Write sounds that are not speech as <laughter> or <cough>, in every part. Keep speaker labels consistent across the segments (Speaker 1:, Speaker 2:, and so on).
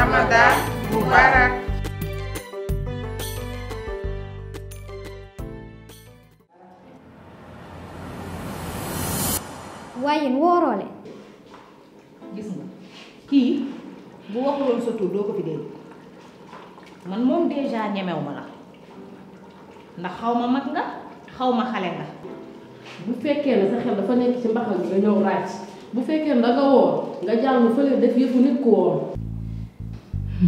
Speaker 1: Ramadan Mubarak. waaye yéen wóoroo leen gis nga kii bu waxuloon sa tur doo ko fi dégg man moom déjà ñemew ma la ndax xaw ma mag nga xaw ma xale nga. bu fekkee ne sa xel dafa nekk ci mbaxal bi nga ñëw ràcc bu fekkee ne da nga woor nga jàll fële def yëfu nit ku woor. <laughs>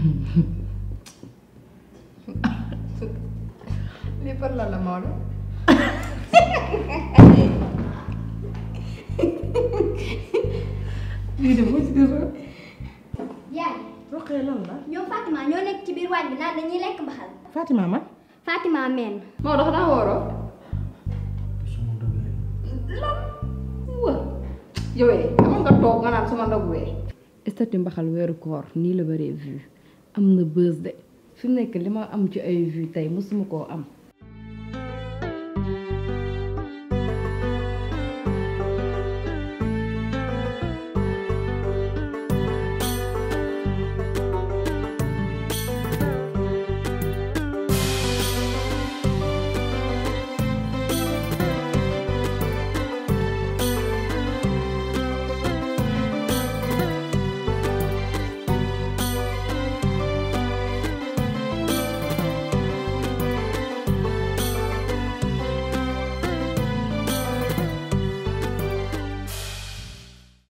Speaker 2: lii par la la lii de mooy si dara. yaay. roqee lan la. ñoom Fatima ñoo nekk ci
Speaker 1: biir waañ bi naan dañuy lekk mbaxal. Fatima man. Fatima meen. Maodo xanaa wooroo. lan. wa. yow eh, amoon nga
Speaker 3: toog nga naan sama ndogu weer. statut mbaxal weeru koor nii la bëree vu. am na buzz de fi nekk li ma am ci ay vues tey mosuma koo am